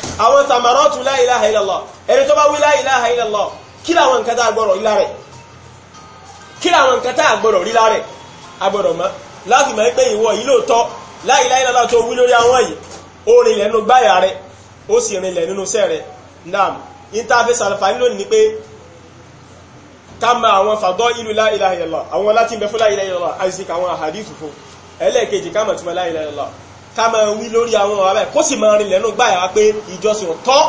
àwọn samaratu la ilaha illallah ẹni tó bá wí la ilaha illallah kí làwọn nǹkan tá a gbọ́dọ̀ rí lára ẹ̀ kí làwọn nǹkan tá a gbọ́dọ̀ rí lára ẹ̀ a gbọ́dọ̀ mọ̀ láti mọ̀ pé ìwọ yìí lóòótọ́ la ilaha illallah tó wí lórí àwọn yìí ó rin ilẹ̀ nínú gbáyà rẹ̀ ó sì rin ilẹ̀ nínú sẹ́ rẹ̀ nam interface àlàfààní lónìí ni pé ká mọ àwọn fàdọ́ ìlú la ilaha illallah àwọn láti ń bẹ fún la àìsíkà àwọn àhàdí ìfòfò ẹlẹ́ẹ̀kejì ká mọ̀ túnmọ̀ la ilaha illallah ká máa wí lórí àwọn ọ̀rọ̀ báyìí kó sì máa rin lẹ́nu gbà yà pé ìjọsìn tọ́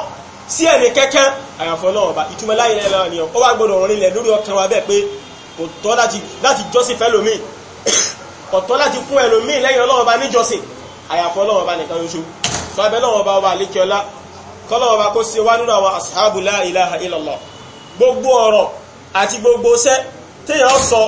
sí ẹni kẹ́kẹ́ àyàfọ́ náà ọba ìtumọ̀ láyé lẹ́yìn náà nìyàn ó wá gbọ́dọ̀ rin lẹ̀ lórí ọkàn wa bẹ́ẹ̀ pé kò tọ́ láti jọ́sìn fẹ́ lómi kò tọ́ láti fún ẹlòmíì lẹ́yìn ọlọ́run ọba níjọsìn àyàfọ́ ọlọ́run ọba nìkan ṣoṣo sọ abẹ́ lọ́run ọba ọba àlékiọlá kọ́lọ́run ọba kó sí wá nínú àwọn ashabu la ilaha illallah gbogbo ọ̀rọ̀ àti gbogbo iṣẹ́ téèyàn sọ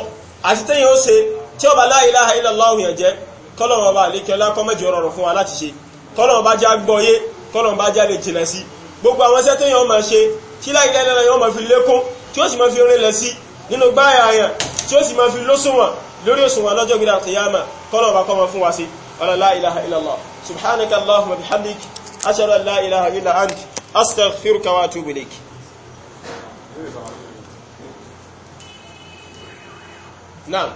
àti téèyàn ó ṣe tí ọba la ilaha illallah òyìn jẹ́ kọ́lọ̀wọ̀n ọba àlékẹ́lá kọ́mẹ́jì ọ̀rọ̀ fún wa láti ṣe kọ́lọ̀wọ̀n bá já gbọ́yé kọ́lọ̀wọ̀n bá já lè jìnà sí gbogbo àwọn iṣẹ́ tó yàn máa ṣe tí láìláìlára yàn máa fi lékún tí ó sì máa fi rinlẹ̀ sí nínú gbáyà àyàn tí ó sì máa fi lóṣùwọ̀n lórí òṣùwọ̀n lọ́jọ́ gbéra kìyàmà kọ́lọ̀wọ̀n bá kọ́ máa fún wa sí ọ̀nà نعم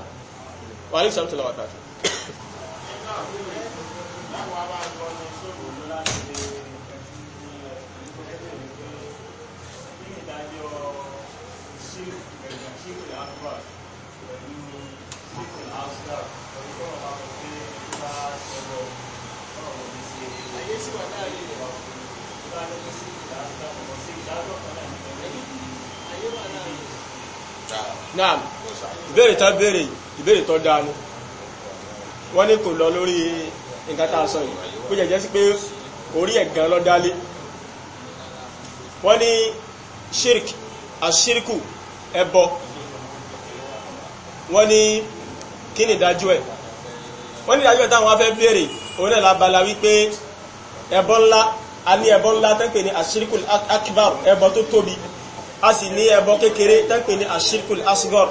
وعليكم السلام naam ìbéèrè tó béèrè ìbéèrè tó dáa ni wọ́n ní kò lọ lórí nǹkan tá a sọ yìí kó jẹ̀jẹ́ sí pé orí ẹ̀gàn lọ dálé wọ́n ní shirk ashirku ẹbọ wọ́n ní kí ni ìdájọ́ ẹ̀ wọ́n ní ìdájọ́ táwọn afẹ́ béèrè òun náà labala wípé ẹbọ ńlá a ní ẹbọ ńlá tẹ́pẹ̀ ní ashirku akbar ẹbọ tó tóbi a sì ní ẹbọ kékeré tẹ́pẹ̀ ní ashirku asgore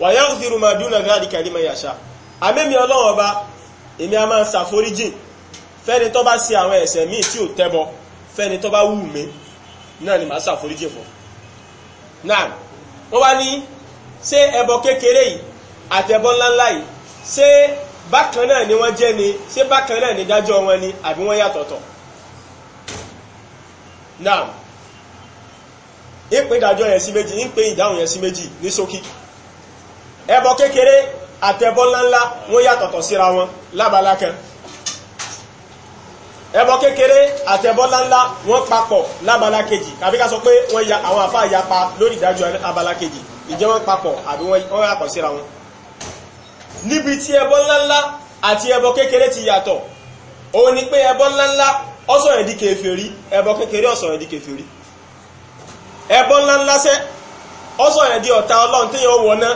wa yaghfiru ma duna dhalika liman yasha àmẹ́mí ọlọ́run ọba èmi a máa ń ṣàforíjìn fẹ́ni tó bá ṣe àwọn ẹ̀ṣẹ̀ míì tí ò tẹ́bọ fẹ́ni tó bá wù mí náà ni màá ṣàforíjìn fún náà wọ́n wá ní ṣé ẹbọ kékeré yìí àtẹ̀bọ ńláńlá yìí ṣé bákan náà ni wọ́n jẹ́ ni ṣé bákan náà ni dájọ́ wọn ni àbí wọ́n yàtọ̀tọ̀ náà ń pè ìdájọ́ yẹn sí méjì ń pè ìdáhùn yẹn sí méjì ní ṣókí. So ẹbọ kékeré àtẹbọ ńláńlá wọ́n yàtọ̀tọ̀ síra wọn lábala kan ẹbọ kékeré àtẹbọ ńláńlá wọ́n papọ̀ lábala kejì àbí ká sọ pé wọ́n ya àwọn àfáà yapa lórí ìdájọ́ abala kejì ìjẹ́ wọ́n papọ̀ àbí wọ́n yàtọ̀ síra wọn níbi tí ẹbọ ńláńlá àti ẹbọ kékeré ti yàtọ̀ òun ni pé ẹbọ ńláńlá ó sọ yẹn di kèfèrí ẹbọ kékeré ó sọ yẹn ẹbọ ńláńlá sẹ́ ó sọ yẹn Ọlọ́run tí yóò wọná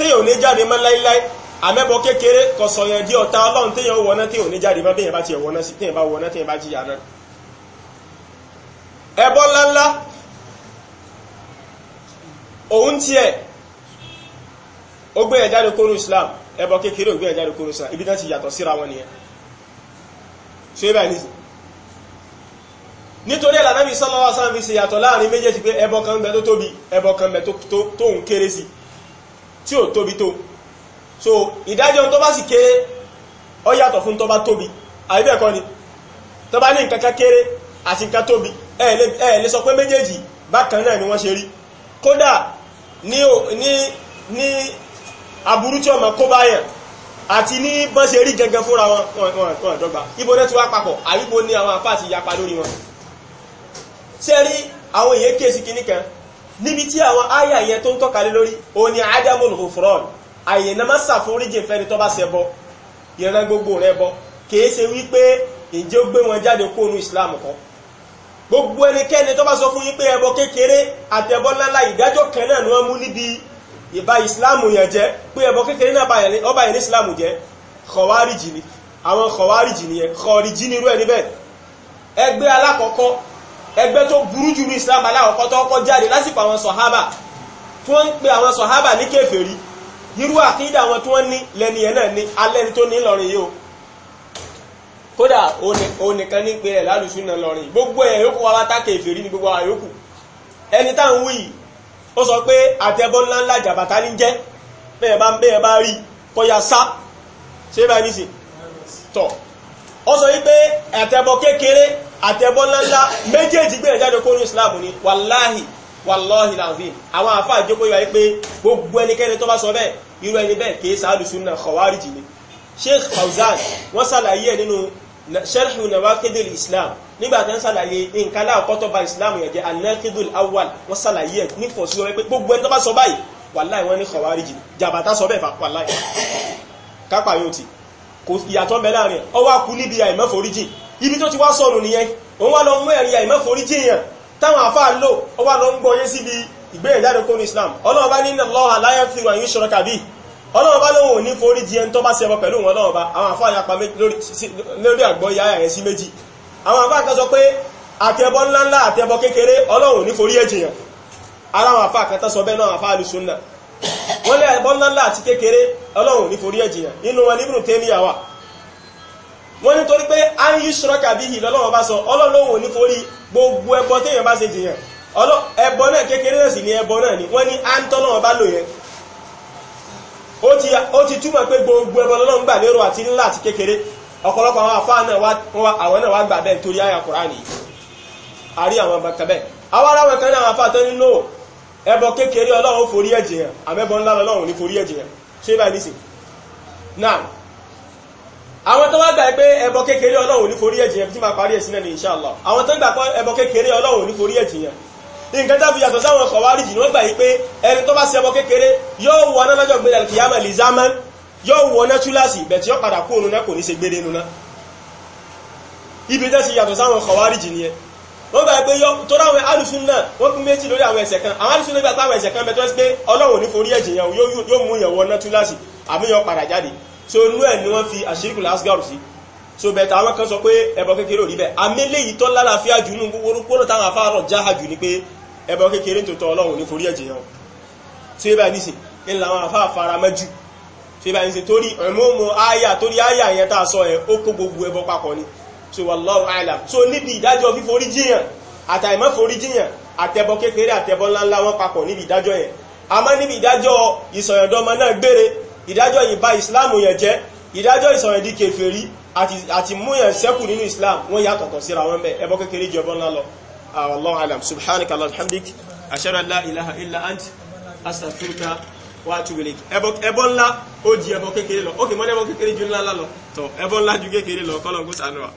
téèyàn ò ní jáde mọ́ láíláí àmẹ́bọ kékeré kò sọ yẹn di ọ̀tá ọlọ́run téèyàn ò wọná téèyàn ò ní jáde mọ́ béèyàn bá tiẹ̀ wọná sí téèyàn bá wọná téèyàn bá jìyà náà ẹbọ ńláńlá òun tiẹ̀ ó gbé yẹn jáde kóró Islam ẹbọ kékeré ó gbé yẹn jáde kóró Islam ibi náà ti yàtọ̀ síra wọn nìyẹn ṣé báyìí nìyí nítorí ẹ̀lànàbí sallallahu alaihi wasallam fi ṣe yàtọ̀ láàrin méjèèjì pé ẹbọ kan bẹ tó tóbi ẹbọ kan bẹ tó ń kéré sí i tí ò tóbi tó so ìdájọ́ tó bá sì kéré ó yàtọ̀ fún tó bá tóbi àbí bẹ́ẹ̀ kọ́ ni tó bá ní nǹkan kéré àti nǹkan tóbi ẹ lè sọ pé méjèèjì bákan náà ni wọ́n ṣe rí kódà ní ní ní aburú tí ọmọ kó báyàn àti ní bọ́n ṣe rí gẹ́gẹ́ fúnra wọn dọ́gba ibo náà ti wá papọ̀ àyíbo ní àwọn àfáà ti yapa lórí wọn ṣe rí àwọn èyí kéèsì kìíní kan níbi tí àwọn àyà yẹn tó ń tọ́ka lé lórí o ní adamul hufron àyè náà má ṣàforíjì fẹ́ni tó bá ṣe bọ ìran gbogbo rẹ̀ bọ kìí ṣe wípé ǹjẹ́ ó gbé wọn jáde kó nu islam kan gbogbo ẹnikẹ́ni tó bá sọ fún yín pé ẹbọ kékeré àtẹbọ ńláńlá ìdájọ́ kan náà ni wọ́n mú níbi ìbá ni àwọn kọ̀wárìjì ni yẹn ẹgbẹ́ alákọ̀ọ́kọ́ ẹgbẹ́ tó burú jù ní islam aláwọ̀kọ́ tó kọ́ jáde lásìkò àwọn sọ̀hábà tí wọ́n ń pe àwọn sọ̀hábà ní kèfèrí irú àkídà wọn tí wọ́n ní lẹ́ni ẹ̀ ní alẹ́ni tó ní lọ́rin yìí o kódà onìkan ní pé ẹ̀ lálùsùn náà lọ́rin gbogbo ẹ̀ yókù wa bátá kèfèrí ní gbogbo àwọn yókù ẹni tá à ń wí yìí ó sọ pé àtẹ̀bọ ńláńlá jàbàtà kékeré àtẹ̀bọ́ ńláńlá méjèèjì gbé ìjáde kó ní islam ni wàláhì wàláhì làzim àwọn àfà àjókòó yọ pé gbogbo ẹnikẹ́ni tó bá sọ bẹ́ẹ̀ irú ẹni bẹ́ẹ̀ kìí sáàlù súnà khawarij ni sheikh fauzan wọ́n sàlàyé ẹ̀ nínú sharhu nawaqidil islam nígbà tí wọ́n sàlàyé nǹkan láàkọ́ tó ìyàtọ̀ mẹ́láàrin ọwọ́ akú níbi àìmọ́foríjì ibi tó ti wá sọ̀rọ̀ nìyẹn òun wá lọ mú ẹ̀rí àìmọ́foríjì èèyàn táwọn àfáà lò ó wá lọ ń gbọ́yé síbi ìgbéyàjáde kó ní Islam ọlọ́ọ̀bá forí di ẹni wọn afọ àwọn àfáà yapa lórí àgbọ́ ya ẹ̀ sí méjì àwọn àfáà sọ pé àtẹbọ ńláńlá àtẹbọ kékeré ọlọ́run ní forí ẹ̀jìyàn ara àwọn ya kan ní wọ́n ní torí pé a ń yí ṣọ́rọ́kà bí ìlọ́lọ́wọ́ bá sọ ọlọ́lọ́wọ́ ní forí gbogbo ẹbọ téèyàn bá ṣe jìyàn ẹbọ náà kékeré náà sì ni ẹbọ náà ni wọ́n ní a ń bá lò yẹn ti túmọ̀ pé gbogbo ẹbọ lọ́lọ́wọ́ gbà lérò àti ńlá àti kékeré ọ̀pọ̀lọpọ̀ àwọn náà àwọn náà gbà àwọn tó wá gbà pé ẹbọ kékeré ọlọ́run ní forí ẹ̀jìyàn tí máa parí ẹ̀sìn náà ní inshallah àwọn tó gbà pé ẹbọ kékeré ọlọ́run ní forí ẹ̀jìyàn nǹkan tó fi yàtọ̀ sáwọn kọ̀wárí jì ní wọ́n gbà yí pé ẹni tó bá ṣe ẹbọ kékeré yóò wọ náà lọ́jọ́ gbé alkiyama lè zámá yóò wọ náà túláàsì bẹ̀ tí ó padà kú òun náà kò ní ṣe gbére nu náà ibi tó ṣe yàtọ̀ sáwọn kọ̀wárí jì ni ẹ wọ́n gbà pé tó ráwọn alùsùn náà wọ́n pín méjì lórí àwọn ẹ̀ṣẹ̀ kan àwọn alùsùn náà gbà pé àwọn ẹ̀ṣẹ̀ kan bẹ̀ tó ṣe pé ọlọ́run ní forí ẹ̀jìyàn yóò mú ìyẹ̀wọ̀ náà túláàsì àmúyàn padà jáde so inú ẹ̀ ni wọ́n fi àṣírìkù lásgàrù sí so bẹ̀tà àwọn kan sọ pé ẹbọ kékeré ò rí bẹ́ẹ̀ amélé yìí tọ́ lálàáfíà jù nínú gbogbo táwọn afárọ̀ jáhà jù ni pé ẹbọ kékeré tó tọ́ ọlọ́run ní forí ẹ̀jẹ̀ yẹn tí ó bá ní sí ní làwọn afá fara mẹ́jù tí ó bá ní sí torí ẹ̀mọ́mọ́ áyà torí áyà yẹn tàà sọ ẹ̀ ó kó gbogbo ẹbọ papọ̀ ni so wallahu a'lam so níbi ìdájọ́ fíforí jiyàn àtàìmọ́ forí jiyàn àtẹbọ kékeré àtẹbọ ńláńlá wọn papọ̀ níbi ìdájọ́ yẹn àmọ́ níbi ìdájọ́ ìsọ̀yọ̀dọ́mọ náà gbére ìdájọ́ yìí bà ìsìláàmù yẹn jẹ́ ìdájọ́ ìsọ̀rọ̀ ìdí kèfèrí àti mú yẹn sẹ́kù nínú islam wọ́n yà tọ̀tọ̀ síra wọn bẹ́ ẹbọ kékeré jù ẹbọ ńlá lọ ah, Allahu alam subhanaka alhamdik ashhadu an ilaha illa ant astaghfiruka wa atubu ilayk ẹbọ ńlá ó di ẹbọ kékeré lọ ókè mọ́ ẹbọ kékeré jù ńlá lọ tọ ẹbọ ńlá jù kékeré lọ kọ́lọ̀ ń kó sànúwà